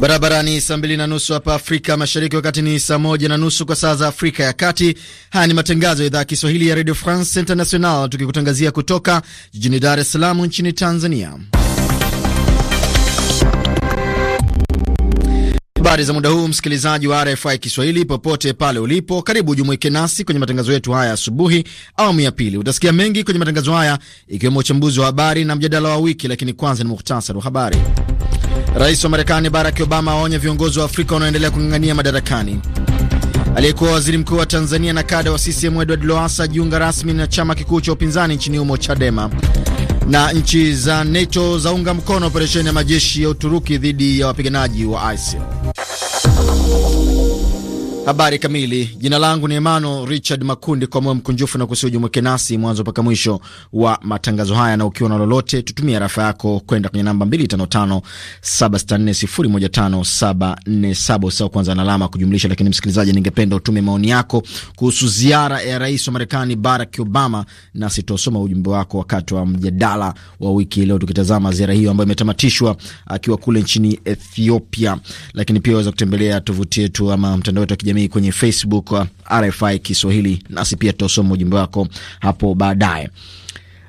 Barabara ni saa mbili na nusu hapa Afrika Mashariki, wakati ni saa moja na nusu kwa saa za Afrika ya Kati. Haya ni matangazo ya idhaa ya Kiswahili ya Radio France International, tukikutangazia kutoka jijini Dar es Salaam nchini Tanzania. Habari za muda huu, msikilizaji wa RFI Kiswahili popote pale ulipo, karibu ujumuike nasi kwenye matangazo yetu haya asubuhi, awamu ya pili. Utasikia mengi kwenye matangazo haya, ikiwemo uchambuzi wa habari na mjadala wa wiki, lakini kwanza ni muhtasari wa habari. Rais wa Marekani Barack Obama aonya viongozi wa Afrika wanaoendelea kung'ang'ania madarakani. Aliyekuwa waziri mkuu wa Tanzania na kada wa CCM Edward Lowassa jiunga rasmi na chama kikuu cha upinzani nchini humo Chadema, na nchi za NATO zaunga mkono operesheni ya majeshi ya Uturuki dhidi ya wapiganaji wa ISIL. Habari kamili. Jina langu ni Emmanuel Richard Makundi, kwa moyo mkunjufu na kusiujumuke nasi mwanzo mpaka mwisho wa matangazo haya, na ukiwa na lolote, tutumia rafa yako kwenda kwenye namba 255764015747 sawa, kwanza na alama kujumlisha. Lakini msikilizaji, ningependa utume maoni yako kuhusu ziara ya rais wa Marekani Barack Obama, nasi tutasoma ujumbe wako wakati wa mjadala wa wiki leo, tukitazama ziara hiyo ambayo imetamatishwa akiwa kule nchini Ethiopia. Lakini pia waweza kutembelea tovuti yetu ama mtandao wetu wa kijamii kijamii kwenye Facebook uh, RFI Kiswahili, nasi pia tutasoma ujumbe wako hapo baadaye.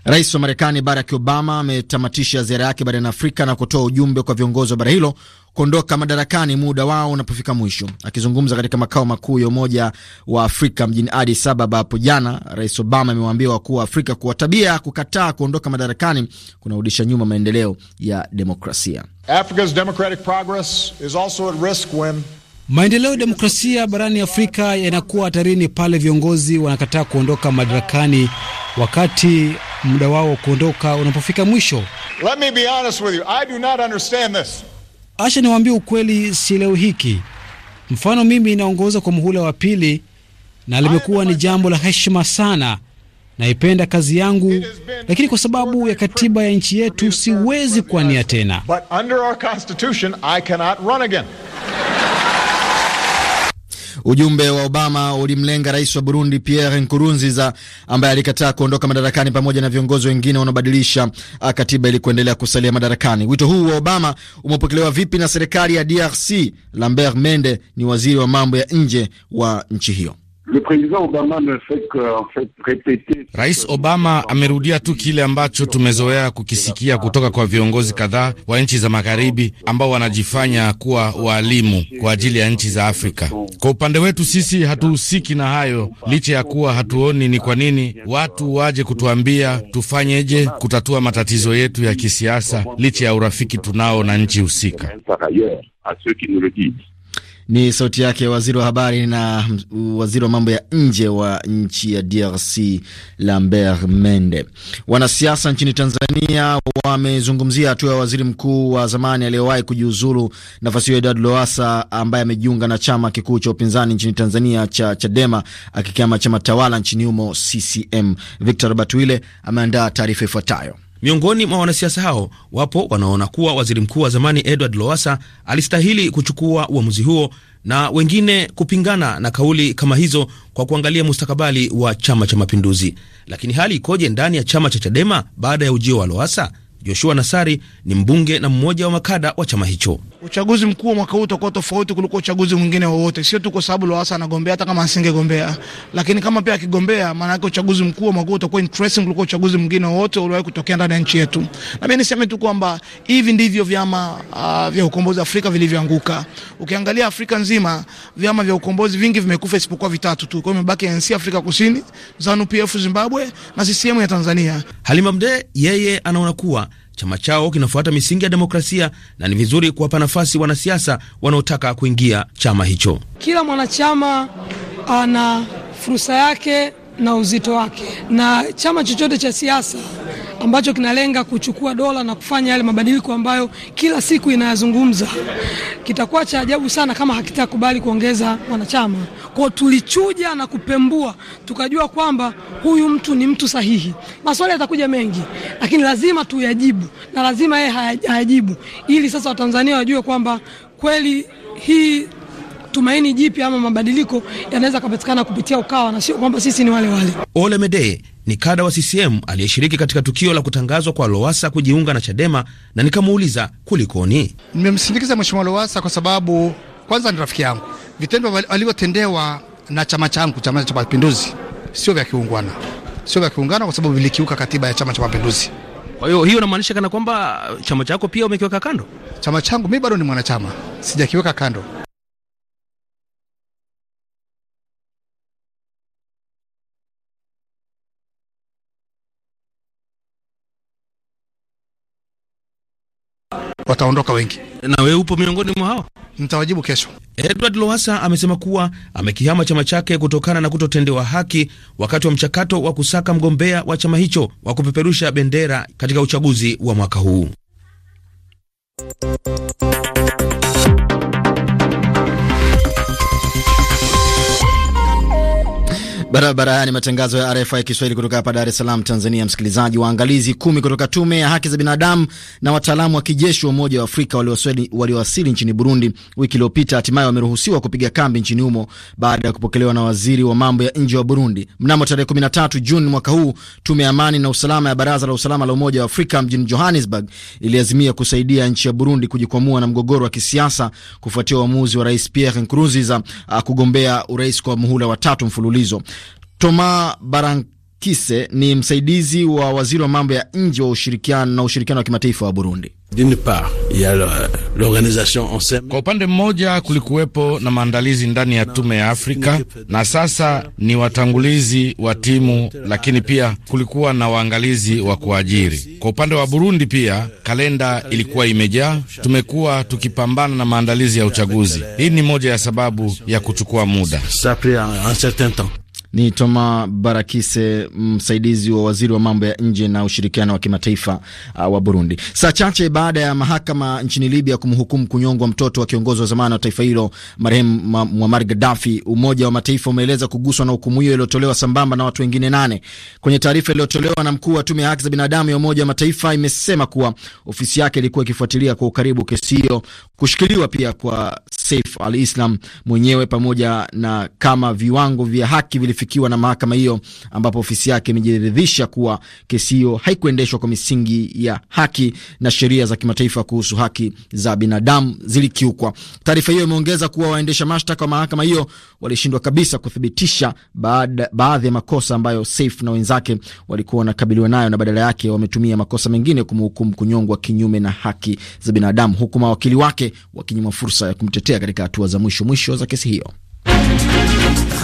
Rais wa Marekani Barack Obama ametamatisha ziara yake barani Afrika na kutoa ujumbe kwa viongozi wa bara hilo kuondoka madarakani muda wao unapofika mwisho. Akizungumza katika makao makuu ya Umoja wa Afrika mjini Addis Ababa hapo jana, Rais Obama amewaambia wakuu wa Afrika kuwa tabia ya kukataa kuondoka madarakani kunarudisha nyuma maendeleo ya demokrasia. Africa's democratic progress is also at risk when Maendeleo ya demokrasia barani Afrika yanakuwa hatarini pale viongozi wanakataa kuondoka madarakani wakati muda wao wa kuondoka unapofika mwisho. Let me be honest with you. I do not understand this. niwaambie ukweli, sielewi hiki. Mfano, mimi inaongoza kwa muhula wa pili na limekuwa ni jambo la heshima sana. Naipenda kazi yangu, lakini kwa sababu ya katiba ya nchi yetu siwezi kuania tena. But under our constitution I cannot run again. Ujumbe wa Obama ulimlenga rais wa Burundi Pierre Nkurunziza ambaye alikataa kuondoka madarakani pamoja na viongozi wengine wanaobadilisha uh, katiba ili kuendelea kusalia madarakani. Wito huu wa Obama umepokelewa vipi na serikali ya DRC? Lambert Mende ni waziri wa mambo ya nje wa nchi hiyo. Rais Obama amerudia tu kile ambacho tumezoea kukisikia kutoka kwa viongozi kadhaa wa nchi za magharibi ambao wanajifanya kuwa waalimu kwa ajili ya nchi za Afrika. Kwa upande wetu sisi hatuhusiki na hayo, licha ya kuwa hatuoni ni kwa nini watu waje kutuambia tufanyeje kutatua matatizo yetu ya kisiasa, licha ya urafiki tunao na nchi husika. Ni sauti yake waziri wa habari na waziri wa mambo ya nje wa nchi ya DRC Lambert Mende. Wanasiasa nchini Tanzania wamezungumzia hatua ya waziri mkuu wa zamani aliyewahi kujiuzulu nafasi hiyo Edward Lowassa ambaye amejiunga na chama kikuu cha upinzani nchini Tanzania cha Chadema akikiama chama tawala nchini humo CCM. Victor Batwile ameandaa taarifa ifuatayo. Miongoni mwa wanasiasa hao wapo wanaona kuwa waziri mkuu wa zamani Edward Lowassa alistahili kuchukua uamuzi huo na wengine kupingana na kauli kama hizo kwa kuangalia mustakabali wa Chama cha Mapinduzi. Lakini hali ikoje ndani ya chama cha Chadema baada ya ujio wa Lowassa? Joshua Nassari ni mbunge na mmoja wa makada wa chama hicho uchaguzi mkuu wa mwaka huu utakuwa tofauti kuliko uchaguzi mwingine wowote, sio tu kwa sababu Lowassa anagombea, hata kama asingegombea, lakini kama pia akigombea, maana yake uchaguzi mkuu wa mwaka huu utakuwa interesting kuliko uchaguzi mwingine wowote uliowahi kutokea ndani ya nchi yetu. Na mimi niseme tu kwamba hivi ndivyo vyama uh, vya ukombozi Afrika vilivyoanguka. Ukiangalia Afrika nzima, vyama vya ukombozi vingi vimekufa isipokuwa vitatu tu. Kwa hiyo imebaki ANC Afrika Kusini, ZANU PF Zimbabwe na CCM ya Tanzania. Halima Mdee yeye anaona kuwa Chama chao kinafuata misingi ya demokrasia na ni vizuri kuwapa nafasi wanasiasa wanaotaka kuingia chama hicho. Kila mwanachama ana fursa yake na uzito wake, na chama chochote cha siasa ambacho kinalenga kuchukua dola na kufanya yale mabadiliko ambayo kila siku inayazungumza. Kitakuwa cha ajabu sana kama hakitakubali kuongeza wanachama. Kwa tulichuja na kupembua, tukajua kwamba huyu mtu ni mtu sahihi. Maswali yatakuja mengi, lakini lazima tuyajibu na lazima yeye hayajibu, ili sasa Watanzania wajue kwamba kweli hii tumaini jipya ama mabadiliko yanaweza kupatikana kupitia Ukawa na sio kwamba sisi ni wale wale. Ole Mede ni kada wa CCM aliyeshiriki katika tukio la kutangazwa kwa Lowasa kujiunga na Chadema na nikamuuliza kulikoni. Nimemsindikiza Mheshimiwa Lowasa kwa sababu kwanza ni rafiki yangu, vitendo alivyotendewa na chama changu, Chama cha Mapinduzi, sio vya kiungwana, sio vya kiungwana kwa sababu vilikiuka katiba ya Chama cha Mapinduzi. Kwa hiyo hiyo inamaanisha kana kwamba chama chako pia umekiweka kando? Chama changu mimi bado ni mwanachama, sijakiweka kando. wataondoka wengi. Na wewe upo miongoni mwa hao? Nitawajibu kesho. Edward Lowasa amesema kuwa amekihama chama chake kutokana na kutotendewa haki wakati wa mchakato wa kusaka mgombea wa chama hicho wa kupeperusha bendera katika uchaguzi wa mwaka huu. Barabara haya ni matangazo ya RFI Kiswahili kutoka hapa Dar es Salaam, Tanzania. Msikilizaji, waangalizi kumi kutoka tume ya haki za binadamu na wataalamu wa kijeshi wa Umoja wa Afrika waliowasili nchini Burundi wiki iliyopita hatimaye wameruhusiwa kupiga kambi nchini humo baada ya kupokelewa na waziri wa mambo ya nje wa Burundi. Mnamo tarehe 13 Juni mwaka huu, tume ya amani na usalama ya Baraza la Usalama la Umoja wa Afrika mjini Johannesburg iliazimia kusaidia nchi ya Burundi kujikwamua na mgogoro wa kisiasa kufuatia uamuzi wa Rais Pierre Nkurunziza ah, kugombea urais kwa muhula wa tatu mfululizo. Toma Barankise ni msaidizi wa waziri wa mambo ya nje wa ushirikiano na ushirikiano wa kimataifa wa Burundi. Kwa upande mmoja kulikuwepo na maandalizi ndani ya tume ya Afrika na sasa ni watangulizi wa timu, lakini pia kulikuwa na waangalizi wa kuajiri. Kwa upande wa Burundi pia kalenda ilikuwa imejaa. Tumekuwa tukipambana na maandalizi ya uchaguzi. Hii ni moja ya sababu ya kuchukua muda. Ni Toma Barakise, msaidizi wa waziri wa mambo ya nje na ushirikiano wa kimataifa uh, wa Burundi. Saa chache baada ya mahakama nchini Libya kumhukumu kunyongwa mtoto wa kiongozi wa zamani wa taifa hilo marehemu Muammar Gaddafi, Umoja wa Mataifa umeeleza kuguswa na hukumu hiyo iliyotolewa sambamba na watu wengine nane. Kwenye taarifa iliyotolewa na mkuu wa tume ya haki za binadamu ya Umoja wa Mataifa imesema kuwa ofisi yake ilikuwa ikifuatilia kwa ukaribu kesi hiyo, kushikiliwa pia kwa Saif al-Islam mwenyewe pamoja na kama viwango vya haki vilifika kufikiwa na mahakama hiyo, ambapo ofisi yake imejiridhisha kuwa kesi hiyo haikuendeshwa kwa misingi ya haki na sheria za kimataifa kuhusu haki za binadamu zilikiukwa. Taarifa hiyo imeongeza kuwa waendesha mashtaka wa mahakama hiyo walishindwa kabisa kuthibitisha baadhi ya makosa ambayo Saif na wenzake walikuwa wanakabiliwa nayo na badala yake wametumia makosa mengine kumhukumu kunyongwa kinyume na haki za binadamu, huku mawakili wake wakinyimwa fursa ya kumtetea katika hatua za mwisho mwisho za kesi hiyo.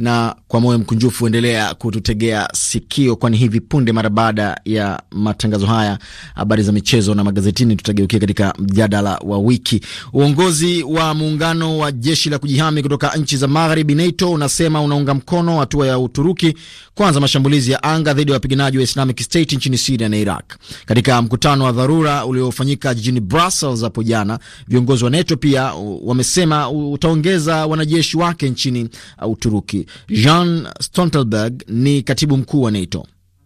na kwa moyo mkunjufu endelea kututegea sikio, kwani hivi punde mara baada ya matangazo haya, habari za michezo na magazetini, tutageukia katika mjadala wa wiki. Uongozi wa muungano wa jeshi la kujihami kutoka nchi za magharibi NATO unasema unaunga mkono hatua ya Uturuki kwanza mashambulizi ya anga dhidi ya wapiganaji wa Islamic State nchini Siria na Iraq. Katika mkutano wa dharura uliofanyika jijini Brussels hapo jana, viongozi wa NATO pia uh, wamesema uh, utaongeza wanajeshi wake nchini uh, Uturuki. Jean Stoltenberg ni katibu mkuu wa NATO.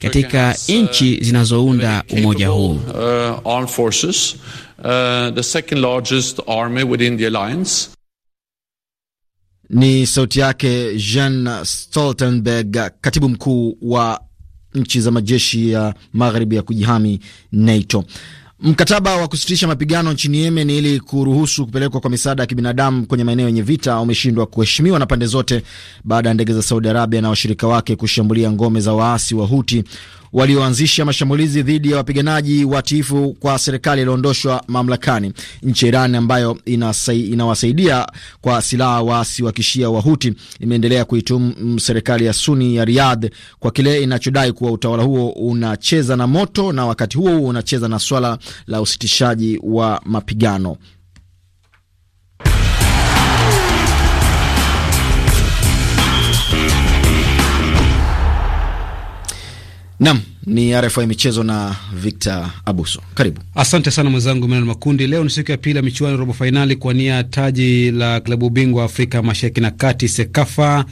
katika nchi uh, zinazounda umoja huu. Uh, uh, Ni sauti yake Jean Stoltenberg, katibu mkuu wa nchi za majeshi ya magharibi ya kujihami NATO. Mkataba wa kusitisha mapigano nchini Yemen ili kuruhusu kupelekwa kwa misaada ya kibinadamu kwenye maeneo yenye vita umeshindwa kuheshimiwa na pande zote baada ya ndege za Saudi Arabia na washirika wake kushambulia ngome za waasi wa Huti walioanzisha mashambulizi dhidi ya wapiganaji watiifu kwa serikali iliondoshwa mamlakani nchi ya Iran ambayo inasai, inawasaidia kwa silaha waasi wa kishia Wahuti imeendelea kuitumu serikali ya Suni ya Riyadh kwa kile inachodai kuwa utawala huo unacheza na moto na wakati huo huo unacheza na swala la usitishaji wa mapigano. Nam ni RFI michezo na Victor Abuso, karibu. Asante sana mwenzangu Mena Makundi. Leo ni siku ya pili ya michuano robo fainali kuwania taji la klabu bingwa Afrika mashariki na kati SEKAFA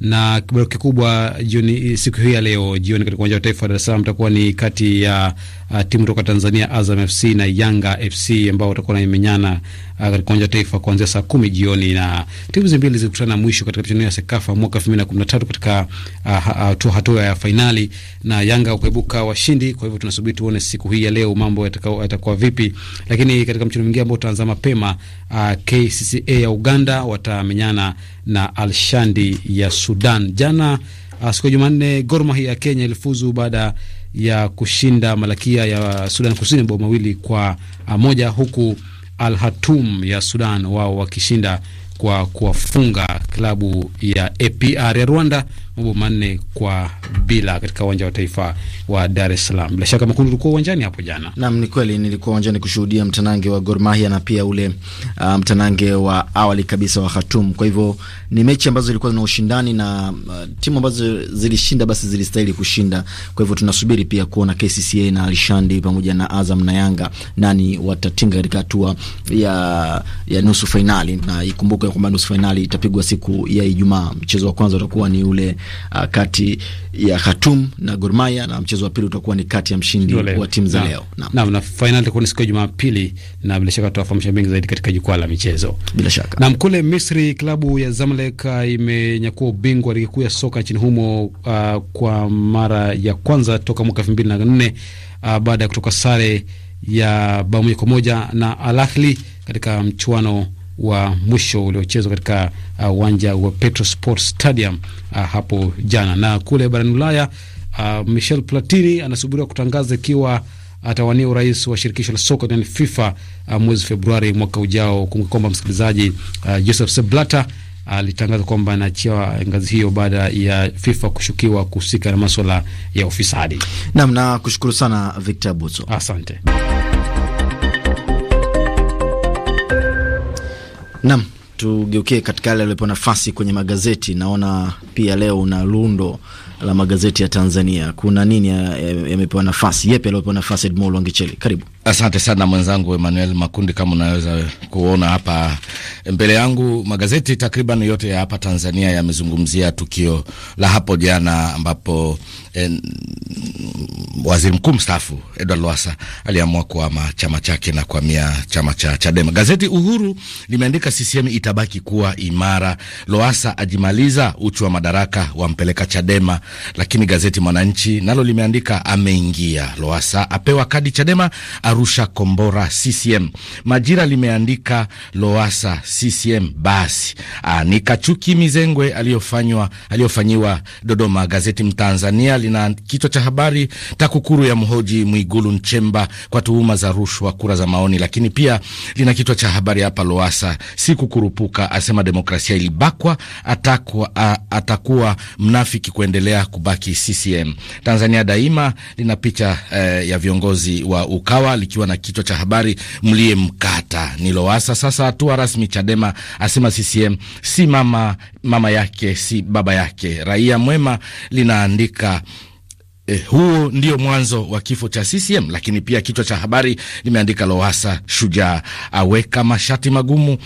na kibaro kikubwa jioni, siku hii ya leo jioni katika uwanja wa taifa Dar es Salaam itakuwa ni kati ya uh, timu kutoka Tanzania Azam FC na Yanga FC ambao watakuwa wanamenyana uh, katika uwanja wa Taifa kuanzia saa kumi jioni, na timu hizi mbili zilikutana mwisho katika michuano ya Sekafa mwaka 2013 katika uh, uh hatua ya fainali na Yanga kuibuka washindi. Kwa hivyo tunasubiri tuone siku hii ya leo mambo yatakuwa vipi, lakini katika mchezo mwingine ambao tutaanza mapema uh, KCCA ya Uganda watamenyana na Alshandi ya Sudan. Jana uh, siku ya Jumanne Gor Mahia ya Kenya ilifuzu baada ya kushinda Malakia ya Sudan Kusini bao mawili kwa uh, moja huku Al Hatum ya Sudan wao wakishinda kwa kuwafunga klabu ya APR ya Rwanda mabao manne kwa bila katika uwanja wa taifa wa Dar es Salaam. Bila shaka makundi ulikuwa uwanjani hapo jana? Naam, ni kweli nilikuwa uwanjani kushuhudia mtanange wa Gor Mahia na pia ule uh, mtanange wa awali kabisa wa Khartoum. Kwa hivyo ni mechi ambazo zilikuwa zina ushindani na uh, timu ambazo zilishinda basi zilistahili kushinda. Kwa hivyo tunasubiri pia kuona KCCA na Alishandi pamoja na Azam na Yanga nani watatinga katika hatua ya, ya nusu fainali, na ikumbuke kwamba nusu fainali itapigwa siku ya Ijumaa. Mchezo wa kwanza utakuwa ni ule uh, kati ya Khartoum na Gor Mahia, na mchezo wa pili utakuwa ni kati ya mshindi wa timu za leo. Naam, na final itakuwa ni siku ya Jumapili, na bila shaka tutawafahamisha mengi zaidi katika jukwaa la michezo. Bila shaka. Na kule Misri, klabu ya Zamalek uh, imenyakua ubingwa ligi kuu ya soka nchini humo uh, kwa mara ya kwanza toka mwaka 2004 uh, baada ya kutoka sare ya bao moja kwa moja na Al Ahly katika mchuano wa mwisho uliochezwa katika uh, uwanja uh, wa Sport Stadium uh, hapo jana. Na kule barani Ulaya uh, Michel Platini anasubiriwa kutangaza ikiwa atawania urais wa shirikisho la soka duniani FIFA uh, mwezi Februari mwaka ujao. Kumbuka kwamba msikilizaji, uh, Joseph Seblata alitangaza uh, kwamba anaachia ngazi hiyo baada ya FIFA kushukiwa kuhusika na maswala ya ufisadi. Naam, na kushukuru sana Victor Buso, asante. Naam, tugeukie katika yale yaliyopewa nafasi kwenye magazeti. Naona pia leo una lundo la magazeti ya Tanzania. Kuna nini yamepewa ya, nafasi? Yepi aliyopewa nafasi? Edmond Wangicheli, karibu. Asante sana mwenzangu Emmanuel Makundi, kama unaweza kuona hapa mbele yangu magazeti takriban yote ya hapa Tanzania yamezungumzia tukio la hapo jana ambapo en, eh, waziri mkuu mstaafu Edward Lowassa aliamua kuhama chama chake na kuhamia chama cha Chadema. Gazeti Uhuru limeandika CCM itabaki kuwa imara, Lowassa ajimaliza uchu wa madaraka wampeleka Chadema. Lakini gazeti Mwananchi nalo limeandika ameingia Lowassa apewa kadi Chadema, Arusha kombora CCM. Majira limeandika Lowassa CCM basi anika chuki mizengwe aliyofanywa aliyofanyiwa Dodoma. Gazeti Mtanzania lina kichwa cha habari TAKUKURU ya mhoji Mwigulu Nchemba kwa tuhuma za rushwa kura za maoni, lakini pia lina kichwa cha habari hapa Loasa siku kurupuka, asema demokrasia ilibakwa, atakuwa, a, atakuwa mnafiki kuendelea kubaki CCM. Tanzania Daima lina picha e, ya viongozi wa Ukawa likiwa na kichwa cha habari mlie mkata ni Loasa sasa hatua rasmi. Chadema asema CCM si mama, mama yake si baba yake. Raia Mwema linaandika Eh, huo ndio mwanzo wa kifo cha CCM. Lakini pia kichwa cha habari limeandika Lowasa shujaa aweka mashati magumu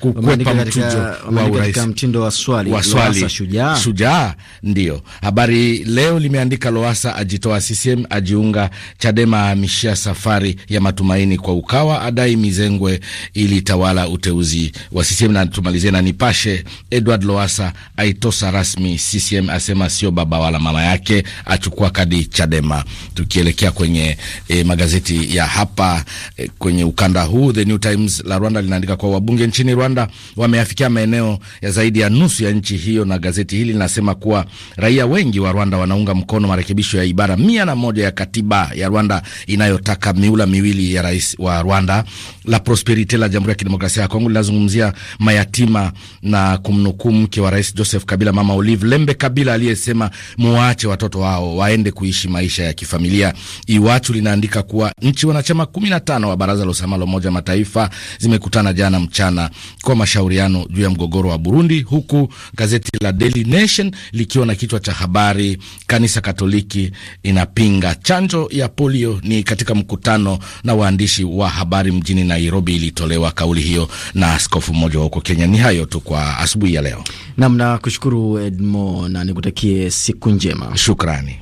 kukwepa mchujo wa urais mtindo wa swali, wa swali. Shujaa, shujaa ndio habari leo limeandika Lowasa ajitoa CCM ajiunga Chadema amishia safari ya matumaini kwa Ukawa adai mizengwe ilitawala uteuzi wa CCM na tumalizie na Nipashe Edward Lowasa aitosa rasmi CCM asema sio baba wala mama yake kuchukua kadi Chadema. Tukielekea kwenye e, magazeti ya hapa e, kwenye ukanda huu, The New Times la Rwanda linaandika kwa wabunge nchini Rwanda wameafikia maeneo ya zaidi ya nusu ya nchi hiyo, na gazeti hili linasema kuwa raia wengi wa Rwanda wanaunga mkono marekebisho ya ibara mia na moja ya katiba ya Rwanda inayotaka miula miwili ya rais wa Rwanda. La Prosperite la Jamhuri ya Kidemokrasia ya Kongo linazungumzia mayatima na kumnukuu mke wa rais Joseph Kabila, Mama Olive Lembe Kabila aliyesema muwaache watoto wao waende kuishi maisha ya kifamilia. Iwachu linaandika kuwa nchi wanachama 15 wa baraza la usalama la Umoja Mataifa zimekutana jana mchana kwa mashauriano juu ya mgogoro wa Burundi, huku gazeti la Daily Nation likiwa na kichwa cha habari kanisa Katoliki inapinga chanjo ya polio. Ni katika mkutano na waandishi wa habari mjini Nairobi ilitolewa kauli hiyo na askofu mmoja wa huko Kenya. Ni hayo tu kwa asubuhi ya leo. Namna kushukuru Edmo na nikutakie siku njema, shukrani.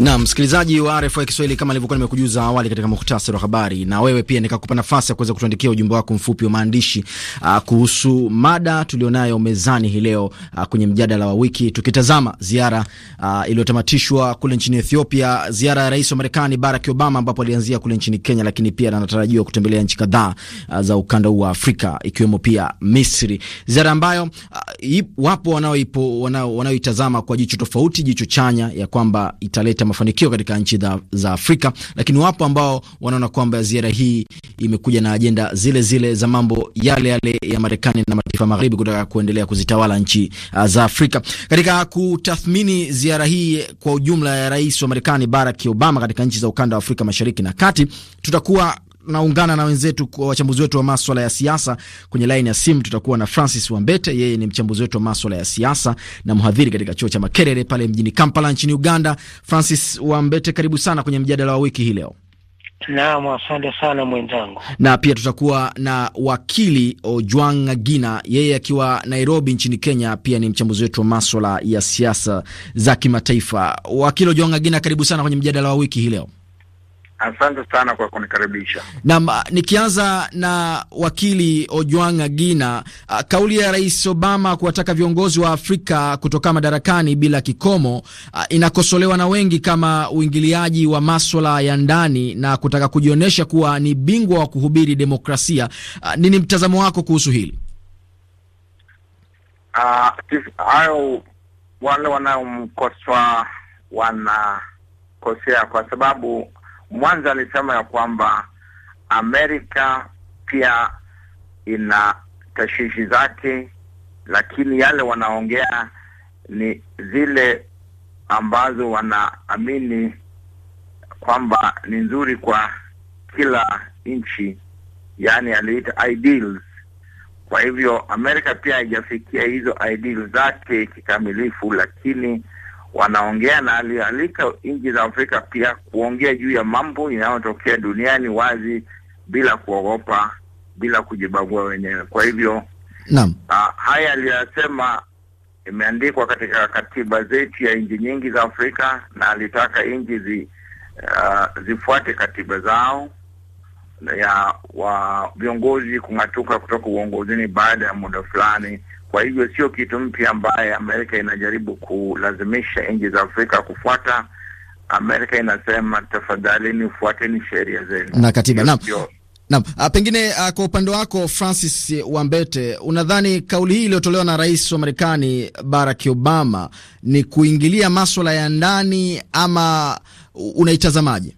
Na msikilizaji wa RFI Kiswahili, kama nilivyokuwa nimekujuza awali katika muhtasari wa habari, na wewe pia nikakupa nafasi ya kuweza kutuandikia ujumbe wako mfupi wa maandishi uh, kuhusu mada tulionayo mezani hii leo uh, kwenye mjadala wa wiki, tukitazama ziara uh, iliyotamatishwa kule nchini Ethiopia, ziara ya rais wa Marekani Barack Obama, ambapo alianzia kule nchini Kenya, lakini pia anatarajiwa kutembelea nchi kadhaa uh, za ukanda huu wa Afrika ikiwemo pia Misri, ziara ambayo uh, wapo wanaoitazama wanao, kwa jicho tofauti, jicho chanya ya kwamba italeta cha mafanikio katika nchi za Afrika, lakini wapo ambao wanaona kwamba ziara hii imekuja na ajenda zile zile za mambo yale yale ya Marekani na mataifa magharibi kutaka kuendelea kuzitawala nchi uh, za Afrika. Katika kutathmini ziara hii kwa ujumla ya rais wa Marekani Barack Obama katika nchi za ukanda wa Afrika Mashariki na Kati, tutakuwa naungana na wenzetu wachambuzi wetu wa maswala ya siasa kwenye laini ya simu. Tutakuwa na Francis Wambete, yeye ni mchambuzi wetu wa maswala ya siasa na mhadhiri katika chuo cha Makerere pale mjini Kampala nchini Uganda. Francis Wambete, karibu sana kwenye mjadala wa wiki hii leo. Naam, asante sana mwenzangu. Na pia tutakuwa na wakili Ojwang Gina, yeye akiwa Nairobi nchini Kenya, pia ni mchambuzi wetu wa maswala ya siasa za kimataifa. Wakili Ojwang Gina, karibu sana kwenye mjadala wa wiki hii leo. Asante sana kwa kunikaribisha. Naam, ah, nikianza na wakili Ojwang Agina, ah, kauli ya Rais Obama kuwataka viongozi wa Afrika kutoka madarakani bila kikomo ah, inakosolewa na wengi kama uingiliaji wa maswala ya ndani na kutaka kujionyesha kuwa ni bingwa wa kuhubiri demokrasia. Nini mtazamo wako kuhusu hili? Hayo wale wanaomkoswa wanakosea kwa sababu Mwanza alisema ya kwamba Amerika pia ina tashishi zake, lakini yale wanaongea ni zile ambazo wanaamini kwamba ni nzuri kwa kila nchi, yaani aliita ideals. Kwa hivyo Amerika pia haijafikia hizo ideals zake kikamilifu, lakini wanaongea na alialika nchi za Afrika pia kuongea juu ya mambo inayotokea duniani wazi, bila kuogopa, bila kujibagua wenyewe. Kwa hivyo naam, ah, haya aliyoyasema imeandikwa katika katiba zetu ya nchi nyingi za Afrika, na alitaka nchi zi, uh, zifuate katiba zao ya wa viongozi kung'atuka kutoka uongozini baada ya muda fulani kwa hivyo sio kitu mpya ambaye Amerika inajaribu kulazimisha nchi za Afrika kufuata. Amerika inasema tafadhalini, nifuateni sheria zenu na katiba. Naam, naam. Ah, pengine a, ah, kwa upande wako Francis Wambete, unadhani kauli hii iliyotolewa na rais wa Marekani Barack Obama ni kuingilia maswala ya ndani ama unaitazamaje?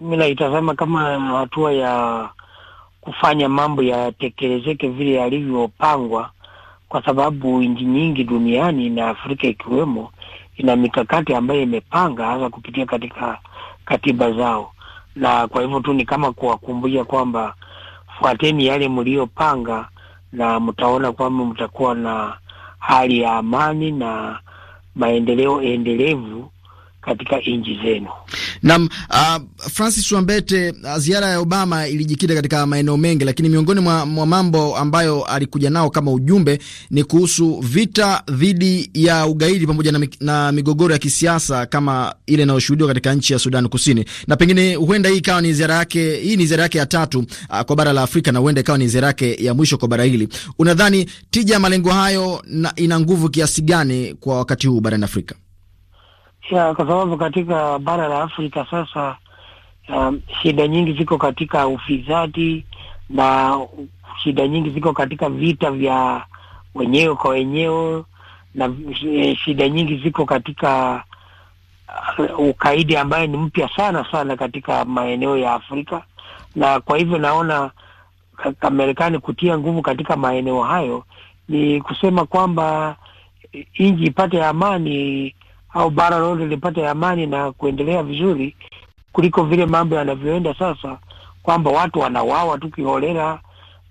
Mi naitazama kama hatua ya kufanya mambo yatekelezeke vile yalivyopangwa, kwa sababu nchi nyingi duniani na Afrika ikiwemo ina mikakati ambayo imepanga hasa kupitia katika katiba zao, na kwa hivyo tu ni kama kuwakumbusha kwamba fuateni yale mliyopanga, na mtaona kwamba mtakuwa na hali ya amani na maendeleo endelevu katika nchi zenu. Naam, uh, Francis Wambete, ah, ziara ya Obama ilijikita katika maeneo mengi, lakini miongoni mwa, mwa mambo ambayo alikuja nao kama ujumbe ni kuhusu vita dhidi ya ugaidi pamoja na, na migogoro ya kisiasa kama ile inayoshuhudiwa katika nchi ya Sudan Kusini, na pengine huenda hii ikawa ni ziara yake, hii ni ziara yake ya tatu uh, kwa bara la Afrika na huenda ikawa ni ziara yake ya mwisho kwa bara hili. Unadhani tija ya malengo hayo ina nguvu kiasi gani kwa wakati huu barani Afrika? ya, kwa sababu katika bara la Afrika sasa um, shida nyingi ziko katika ufisadi na shida nyingi ziko katika vita vya wenyewe kwa wenyewe na e, shida nyingi ziko katika uh, ukaidi ambaye ni mpya sana sana katika maeneo ya Afrika, na kwa hivyo naona Marekani kutia nguvu katika maeneo hayo ni kusema kwamba e, nchi ipate amani au bara lote lipate amani na kuendelea vizuri kuliko vile mambo yanavyoenda sasa, kwamba watu wanawawa tu kiholela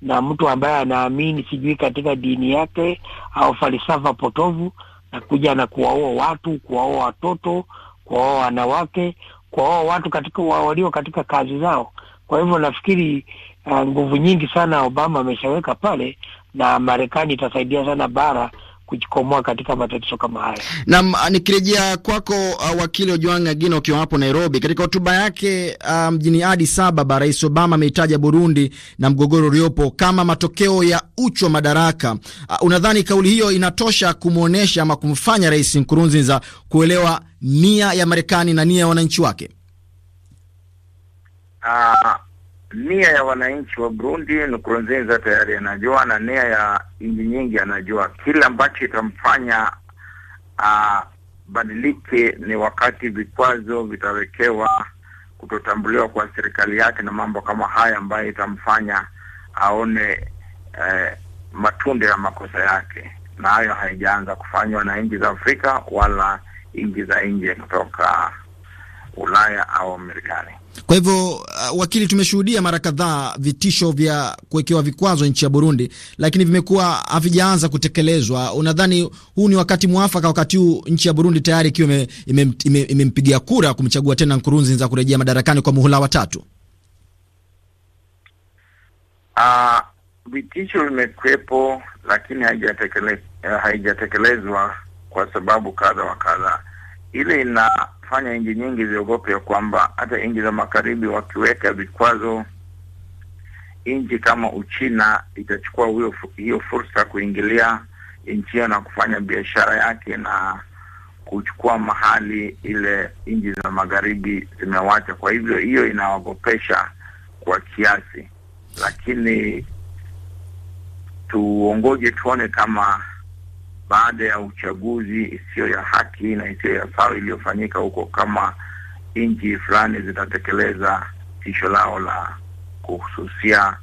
na mtu ambaye anaamini sijui katika dini yake au falsafa potovu, na kuja na kuwaoa watu, kuwaoa watoto, kuwaoa wanawake, kuwaoa watu katika walio katika kazi zao. Kwa hivyo nafikiri uh, nguvu nyingi sana Obama ameshaweka pale, na Marekani itasaidia sana bara kujikomoa katika matatizo kama haya. Naam, ah, nikirejea kwako uh, wakili Ojwang Agina, ukiwa hapo Nairobi, katika hotuba yake uh, mjini Addis Ababa, Rais Obama ameitaja Burundi na mgogoro uliopo kama matokeo ya uchu wa madaraka. Uh, unadhani kauli hiyo inatosha kumwonyesha ama kumfanya Rais Nkurunziza kuelewa nia ya Marekani na nia ya wananchi wake? nia ya wananchi wa Burundi, Nkurunziza tayari anajua, na nia ya nchi nyingi anajua. Kila ambacho itamfanya ah, abadilike ni wakati vikwazo vitawekewa, kutotambuliwa kwa serikali yake na mambo kama haya ambayo itamfanya aone eh, matunda ya makosa yake, na hayo haijaanza kufanywa na nchi za Afrika wala nchi za nje kutoka Ulaya au Marekani. Kwa hivyo uh, wakili, tumeshuhudia mara kadhaa vitisho vya kuwekewa vikwazo nchi ya Burundi, lakini vimekuwa havijaanza kutekelezwa. Unadhani huu ni wakati mwafaka, wakati huu nchi ya Burundi tayari ikiwa imempigia ime, ime, kura kumchagua tena Nkurunziza kurejea madarakani kwa muhula wa tatu? Uh, vitisho vimekwepo, lakini haijatekelezwa, haijatekelezwa kwa sababu kadha wa kadhaa ile inafanya nchi nyingi ziogope kwamba hata nchi za magharibi wakiweka vikwazo, nchi kama Uchina itachukua hiyo fursa kuingilia nchi hiyo na kufanya biashara yake na kuchukua mahali ile nchi za magharibi zimewacha. Kwa hivyo hiyo inaogopesha kwa kiasi, lakini tuongoje tuone kama baada ya uchaguzi isiyo ya haki na isiyo ya sawa iliyofanyika huko, kama nchi fulani zitatekeleza tisho lao la kuhususia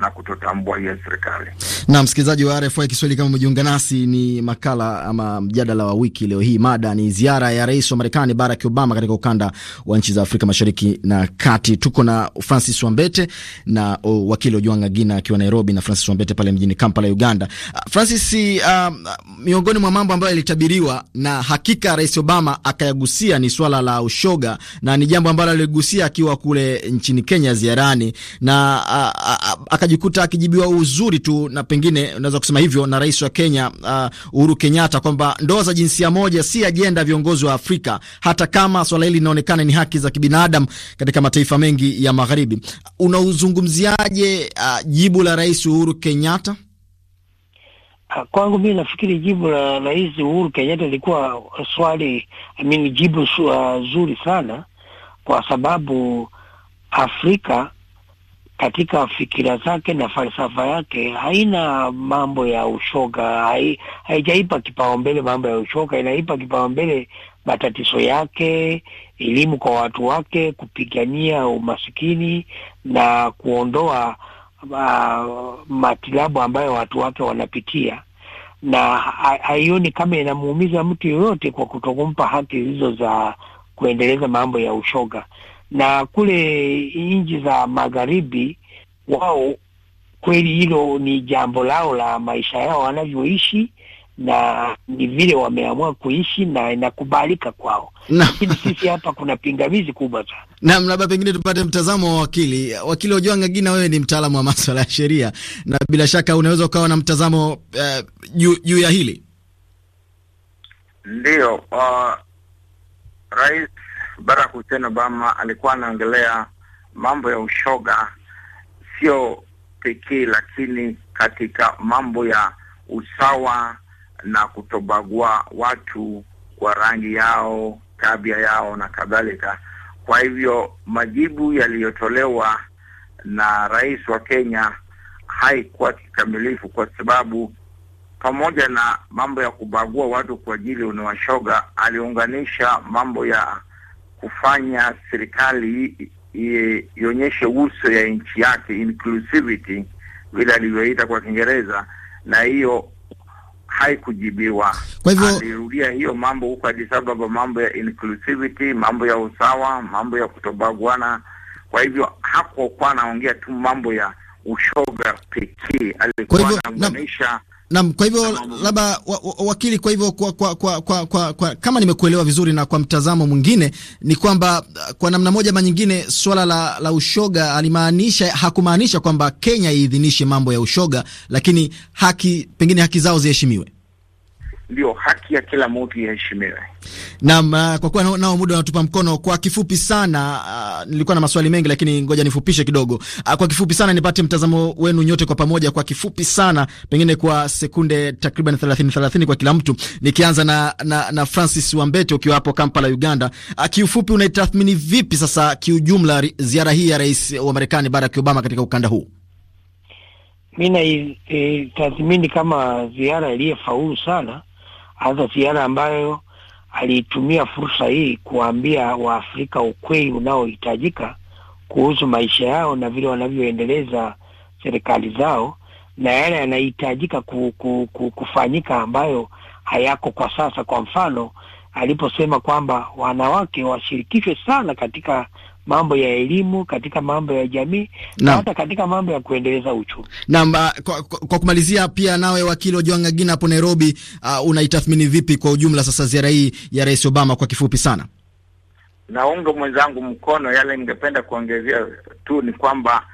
na kutotambua hiyo serikali. Na msikilizaji wa RFI Kiswahili, kama umejiunga nasi, ni makala ama mjadala wa wiki. Leo hii mada ni ziara ya rais wa Marekani Barack Obama katika ukanda wa nchi za Afrika Mashariki na Kati. Tuko na Francis Wambete na o, wakili Ojwanga Gina akiwa Nairobi na Francis Wambete pale mjini Kampala, Uganda. Francis, uh, miongoni mwa mambo ambayo yalitabiriwa na hakika rais Obama akayagusia ni swala la ushoga, na ni jambo ambalo aligusia akiwa kule nchini Kenya ziarani na uh, uh, akajikuta akijibiwa uzuri tu, na pengine unaweza kusema hivyo, na rais wa Kenya uh, Uhuru Kenyatta kwamba ndoa za jinsia moja si ajenda ya viongozi wa Afrika, hata kama swala hili linaonekana ni haki za kibinadamu katika mataifa mengi ya Magharibi. Unauzungumziaje uh, jibu la rais Uhuru Kenyatta? Ah, kwangu mimi nafikiri jibu la rais Uhuru Kenyatta lilikuwa swali amini jibu uh, zuri sana, kwa sababu Afrika katika fikira zake na falsafa yake haina mambo ya ushoga, haijaipa hai kipaumbele mambo ya ushoga, inaipa kipaumbele matatizo yake, elimu kwa watu wake, kupigania umasikini na kuondoa uh, matilabu ambayo watu wake wanapitia, na haioni kama inamuumiza mtu yoyote kwa kutokumpa haki hizo za kuendeleza mambo ya ushoga na kule nchi za magharibi wao kweli hilo ni jambo lao la maisha yao wanavyoishi na ni vile wameamua kuishi na inakubalika kwao, lakini sisi hapa kuna pingamizi kubwa sana. Naam, labda pengine tupate mtazamo wa wakili. Wakili wajua ngagina wewe ni mtaalamu wa maswala ya sheria na bila shaka unaweza ukawa na mtazamo eh, juu uh, ya hili. Ndiyo, uh, rais Barack Hussein Obama alikuwa anaongelea mambo ya ushoga, sio pekee, lakini katika mambo ya usawa na kutobagua watu kwa rangi yao, tabia yao na kadhalika. Kwa hivyo majibu yaliyotolewa na rais wa Kenya haikuwa kikamilifu, kwa sababu pamoja na mambo ya kubagua watu kwa ajili unawashoga, aliunganisha mambo ya kufanya serikali ionyeshe uso ya nchi yake, inclusivity vile alivyoita kwa Kiingereza, na hiyo haikujibiwa. Kwa hivyo alirudia hiyo mambo huko Addis Ababa, mambo ya inclusivity, mambo ya usawa, mambo ya kutobagwana Kwa hivyo hakuwa anaongea tu mambo ya ushoga pekee, alikuwa anaunganisha Naam, kwa hivyo labda wakili, kwa hivyo kwa, kwa, kwa, kwa, kwa, kwa, kama nimekuelewa vizuri na kwa mtazamo mwingine ni kwamba uh, kwa namna moja ama nyingine swala la, la ushoga alimaanisha, hakumaanisha kwamba Kenya iidhinishe mambo ya ushoga, lakini haki pengine haki zao ziheshimiwe ndio haki ya kila mtu iheshimiwe. Naam, uh, kwa kuwa nao na muda unatupa mkono, kwa kifupi sana uh, nilikuwa na maswali mengi lakini ngoja nifupishe kidogo. Uh, kwa kifupi sana nipate mtazamo wenu nyote kwa pamoja, kwa kifupi sana, pengine kwa sekunde takriban 30 30 kwa kila mtu, nikianza na, na, na Francis Wambete ukiwa hapo Kampala Uganda. Uh, kiufupi unaitathmini vipi sasa kiujumla ziara hii ya Rais wa Marekani Barack Obama katika ukanda huu? Mimi naitathmini eh, e, kama ziara iliyofaulu sana hasa ziara ambayo aliitumia fursa hii kuwaambia Waafrika ukweli unaohitajika kuhusu maisha yao na vile wanavyoendeleza serikali zao na yale yanahitajika ku, ku, ku, kufanyika ambayo hayako kwa sasa. Kwa mfano aliposema kwamba wanawake washirikishwe sana katika mambo ya elimu, katika mambo ya jamii na hata katika mambo ya kuendeleza uchumi. Naam, ah, kwa, kwa kumalizia pia, nawe wakili Ojwang' Agina hapo Nairobi, uh, unaitathmini vipi kwa ujumla sasa ziara hii ya Rais Obama? Kwa kifupi sana, naunga mwenzangu mkono. Yale ningependa kuongezea tu ni kwamba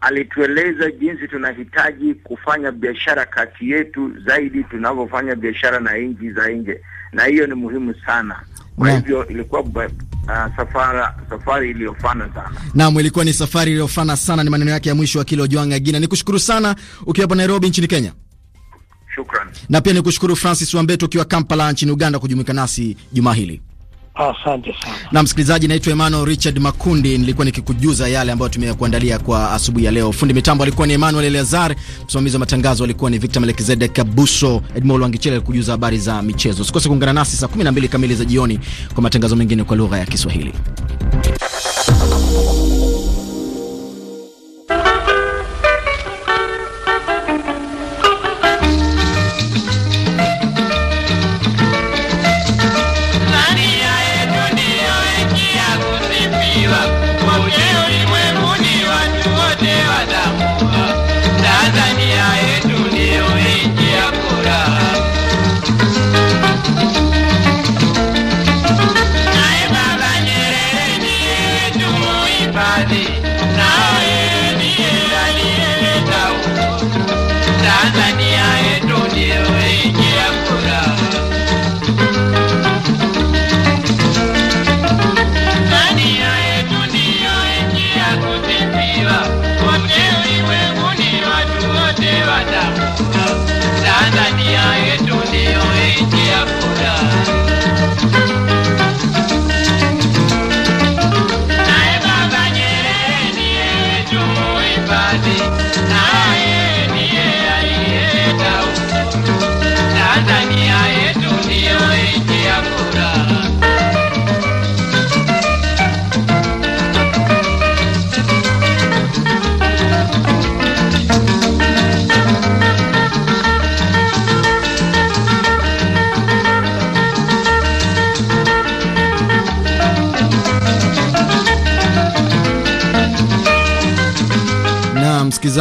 alitueleza jinsi tunahitaji kufanya biashara kati yetu zaidi tunavyofanya biashara na nchi za nje na hiyo ni muhimu sana. Kwa hivyo ilikuwa Uh, safara, safari iliyofana sana. Naam, ilikuwa ni safari iliyofana sana. Ni maneno yake ya mwisho Wakili Ojwang' Agina. Nikushukuru sana ukiwa hapo Nairobi nchini Kenya. Shukran. Na pia nikushukuru Francis Wambeto ukiwa Kampala nchini Uganda kujumuika nasi juma hili. Ah, asante sana. Na msikilizaji, naitwa Emmanuel Richard Makundi, nilikuwa nikikujuza yale ambayo tumekuandalia kwa asubuhi ya leo. Fundi mitambo alikuwa ni Emmanuel Eleazar, msimamizi wa matangazo alikuwa ni Victor Melekizedek Kabuso, Edmond Wangichele alikujuza habari za michezo. sikose kuungana nasi saa 12 kamili za jioni kwa matangazo mengine kwa lugha ya Kiswahili.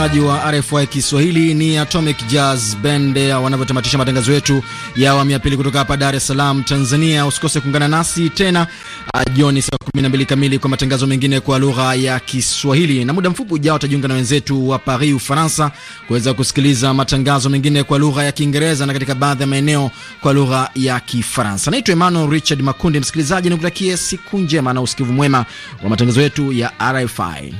msikilizaji wa RFI Kiswahili ni Atomic Jazz Band eh, wanavyotamatisha matangazo yetu ya awamu ya pili kutoka hapa Dar es Salaam, Tanzania. Usikose kuungana nasi tena ah, jioni saa 12 kamili kwa matangazo mengine kwa lugha ya Kiswahili, na muda mfupi ujao utajiunga na wenzetu wa Paris, Ufaransa, kuweza kusikiliza matangazo mengine kwa lugha ya Kiingereza na katika baadhi ya maeneo kwa lugha ya Kifaransa. Naitwa Emmanuel Richard Makundi. Msikilizaji, nikutakie siku njema na usikivu mwema wa matangazo yetu ya RFI.